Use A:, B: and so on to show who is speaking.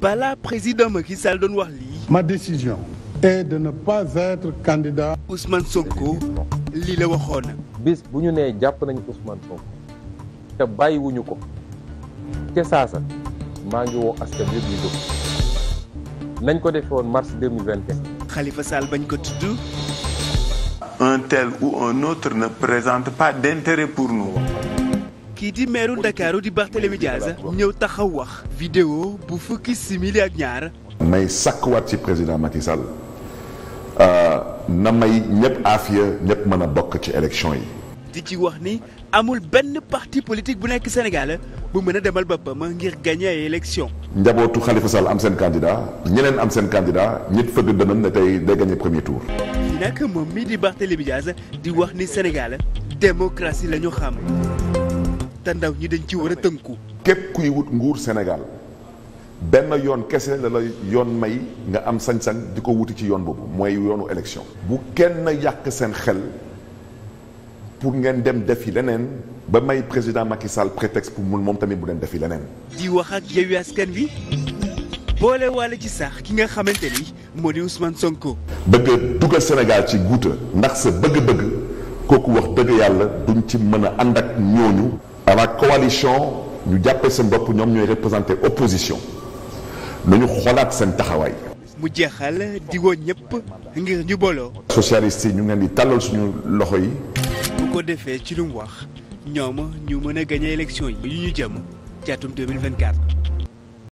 A: balaa président Macky Sall doon wax lii. ma décision est de ne pas être candidat. Ousmane Sonko lii la waxoon. bis bu ñu nee jàpp nañu
B: Ousmane Sonko te bàyyiwuñu ko ca saasa maa ngi woo askan bi ñu jóg nañ ko defee mars 2021.
A: Khalifa bañ ko tudd. un tel ou un autre ne présente pas d'intérêt pour nous. kii di meeru Ndakaaru di Barthélémy Dias ñëw taxaw wax vidéo bu fukki simili ak ñaar
B: may sàkkuwaat ci président Macky Sall euh, na may ñëpp aafiya ñëpp mën a bokk ci élection yi
A: di ci wax ni amul benn parti politique bu nekk Sénégal bu mën a demal ma ngir gagné ay élection
B: njabootu Khalifa Sall am seen candidat ñeneen am seen candidat ñit fëgg dënam ne tey day gagné premier tour
A: nag moom mii di Barthélémy di wax ni Sénégal démocratie la ñu xam te ndaw ñi dañ ci war a tënku.
B: képp kuy wut nguur Sénégal benn yoon kese la la yoon may nga am sañ-sañ di ko wuti ci yoon boobu mooy yoonu élection. bu kenn yàq seen xel pour ngeen dem def defi leneen ba may président Macky Sall prétexte mun moom tamit bu leen defi leneen.
A: di wax ak Yewwi Askan Wi boole waale ci sax ki nga xamante ni moo di Ousmane Sonko. bëgg
B: dugal Sénégal ci guuta ndax sa bëgg-bëgg kooku wax dëgg yàlla duñ ci mën a ànd ak ñooñu. à la coalition ñu jàppee seen bopp ñoom ñooy représenter opposition nañu xoolaat seen taxawaay.
A: mu jeexal digoo ñëpp ngir ñu booloo.
B: socialiste yi ñu ngi di tàllal suñu loxo yi.
A: bu ko defee ci lu mu wax ñoom ñu mën a gagné élection yi. yu ñu jëm ci atum 2024.